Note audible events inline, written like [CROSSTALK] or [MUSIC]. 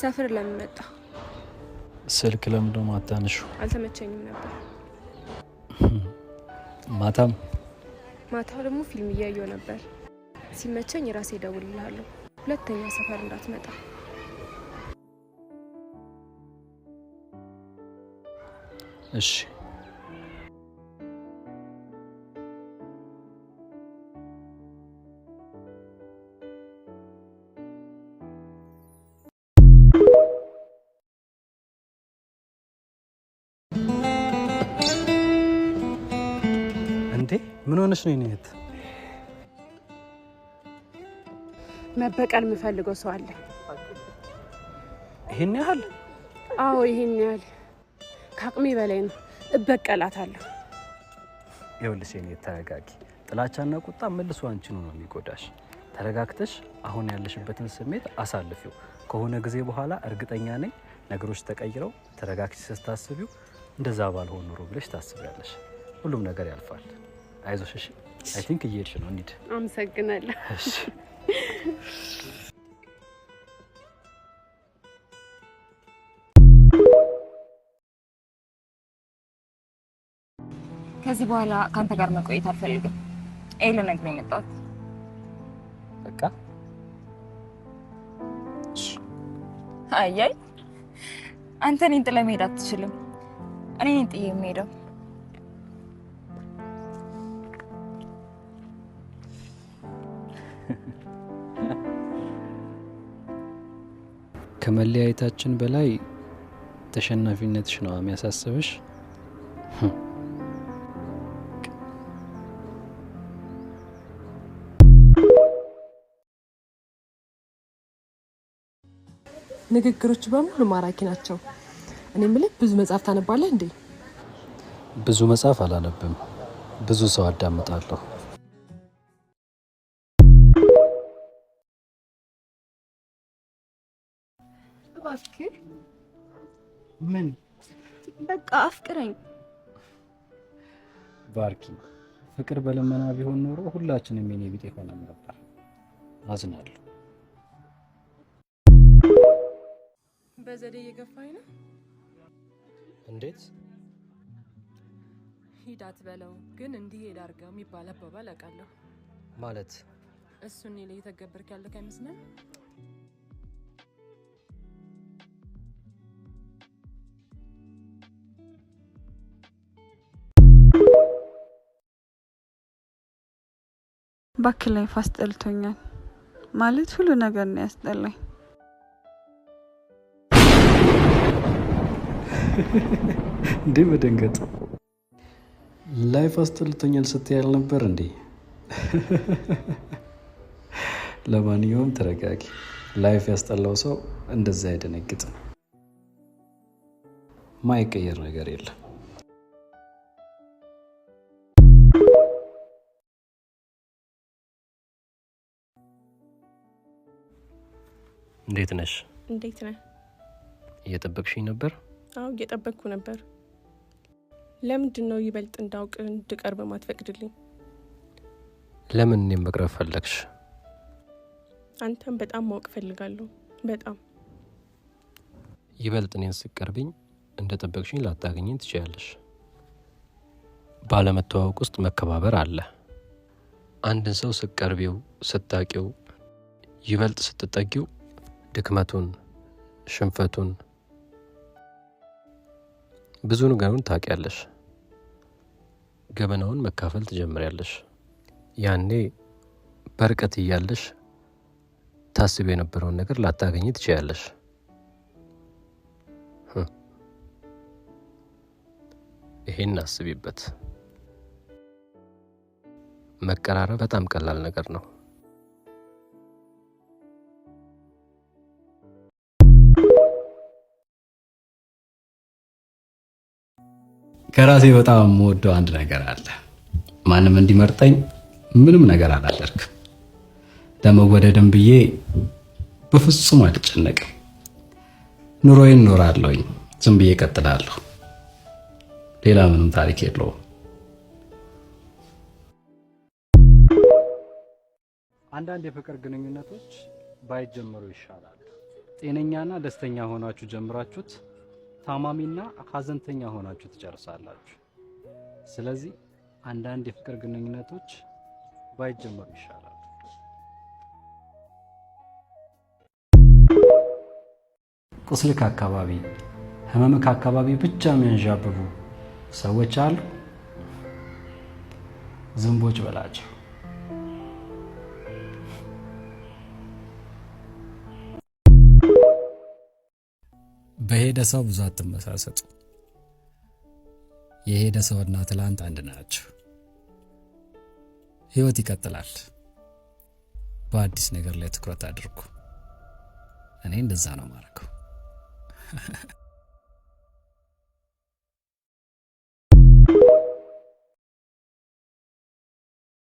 ሰፍር ለምን መጣ? ስልክ ለምዶ ማታንሹ አልተመቸኝም ነበር። [LAUGHS] ማታም ማታ ደግሞ ፊልም እያየው ነበር። ሲመቸኝ ራሴ እደውልልሃለሁ። ሁለተኛ ሰፈር እንዳትመጣ። እሺ ምን ሆነሽ ነው? ይሄት መበቀል የምፈልገው ሰው አለ። ይሄን ያህል? አዎ ይሄን ያህል ከአቅሜ በላይ ነው። እበቀላታለሁ። ይኸውልሽ የኔት ተረጋጊ። ጥላቻና ቁጣ መልሶ አንቺኑ ነው የሚጎዳሽ። ተረጋግተሽ አሁን ያለሽበትን ስሜት አሳልፊው። ከሆነ ጊዜ በኋላ እርግጠኛ ነኝ ነገሮች ተቀይረው ተረጋግተሽ ስታስቢው እንደዛ ባልሆን ኑሮ ብለሽ ታስቢያለሽ። ሁሉም ነገር ያልፋል። አይዞሽ። እሺ፣ አይ ቲንክ እየሄድሽ ነው። እንሂድ። አመሰግናለሁ። እሺ ከዚህ በኋላ ከአንተ ጋር መቆየት አልፈልግም። ኤል ነግሮ የመጣሁት በቃ። አያይ አንተ እኔን ጥለህ መሄድ አትችልም። እኔ እኔን ጥዬ የምሄደው [LAUGHS] ከመለያየታችን በላይ ተሸናፊነትሽ ነው የሚያሳስብሽ። [LAUGHS] ንግግሮች በሙሉ ማራኪ ናቸው። እኔ የምልህ ብዙ መጽሐፍ ታነባለህ እንዴ? ብዙ መጽሐፍ አላነብም፣ ብዙ ሰው አዳምጣለሁ። እባክህ ምን በቃ አፍቅረኝ ባርኪ። ፍቅር በልመና ቢሆን ኖሮ ሁላችንም የኔ ቢጤ ሆነም ነበር። አዝናለሁ። በዘዴ እየገፋኝ ነው። እንዴት ሂዳት በለው ግን እንዲሄድ አድርገው የሚባል አባባል አውቃለሁ። ማለት እሱን እኔ ላይ እየተገበርክ ያለህ አይመስልም? ባክ ላይፍ አስጠልቶኛል። ማለት ሁሉ ነገር ነው ያስጠላኝ። እንዴ መደንገጥ። ላይፍ አስጠልቶኛል ያል ነበር እንዴ? ለማንኛውም ተረጋጊ። ላይፍ ያስጠላው ሰው እንደዛ አይደነግጥም። ማይቀየር ነገር የለም። እንዴት ነሽ? እንዴት ነህ? እየጠበቅሽኝ ነበር? አዎ እየጠበቅኩ ነበር። ለምንድን ነው ይበልጥ እንዳውቅ እንድቀርብ ማትፈቅድልኝ? ለምን እኔም መቅረብ ፈለግሽ? አንተም በጣም ማወቅ ፈልጋለሁ። በጣም ይበልጥ እኔን ስቀርብኝ እንደ ጠበቅሽኝ ላታገኘኝ ትችያለሽ። ባለመተዋወቅ ውስጥ መከባበር አለ። አንድን ሰው ስትቀርቢው፣ ስታቂው፣ ይበልጥ ስትጠጊው ድክመቱን፣ ሽንፈቱን፣ ብዙ ነገሩን ታውቂያለሽ። ገበናውን መካፈል ትጀምሪያለሽ። ያኔ በርቀት እያለሽ ታስብ የነበረውን ነገር ላታገኝ ትችያለሽ። ይሄን አስቢበት። መቀራረብ በጣም ቀላል ነገር ነው። ከራሴ በጣም የምወደው አንድ ነገር አለ። ማንም እንዲመርጠኝ ምንም ነገር አላደርግም። ለመወደድም ብዬ በፍጹም አልጨነቅም። ኑሮዬን እኖራለሁኝ፣ ዝም ብዬ እቀጥላለሁ። ሌላ ምንም ታሪክ የለውም። አንዳንድ የፍቅር ግንኙነቶች ባይጀመሩ ይሻላል። ጤነኛና ደስተኛ ሆናችሁ ጀምራችሁት ታማሚና ሀዘንተኛ ሆናችሁ ትጨርሳላችሁ። ስለዚህ አንዳንድ የፍቅር ግንኙነቶች ባይጀመሩ ይሻላል። ቁስልክ አካባቢ፣ ህመምክ አካባቢ ብቻ የሚያንዣብቡ ሰዎች አሉ። ዝንቦች በላቸው። በሄደ ሰው ብዙ አትመሳሰጡ። የሄደ ሰው እና ትላንት አንድ ናቸው። ህይወት ይቀጥላል። በአዲስ ነገር ላይ ትኩረት አድርጉ። እኔ እንደዛ ነው ማድረገው። [LAUGHS]